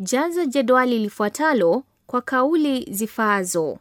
Jaza jedwali lifuatalo kwa kauli zifaazo.